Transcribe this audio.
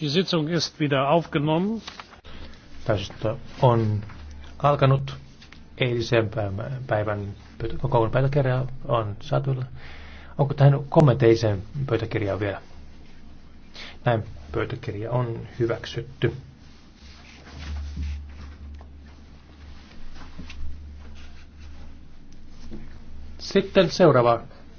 Die Sitzung ist wieder aufgenommen. Tästä on alkanut eilisen päivän pöytä, kokouksen pöytäkirja on saatu. Onko tähän kommenteiseen pöytäkirjaan vielä? Näin pöytäkirja on hyväksytty. Sitten seuraava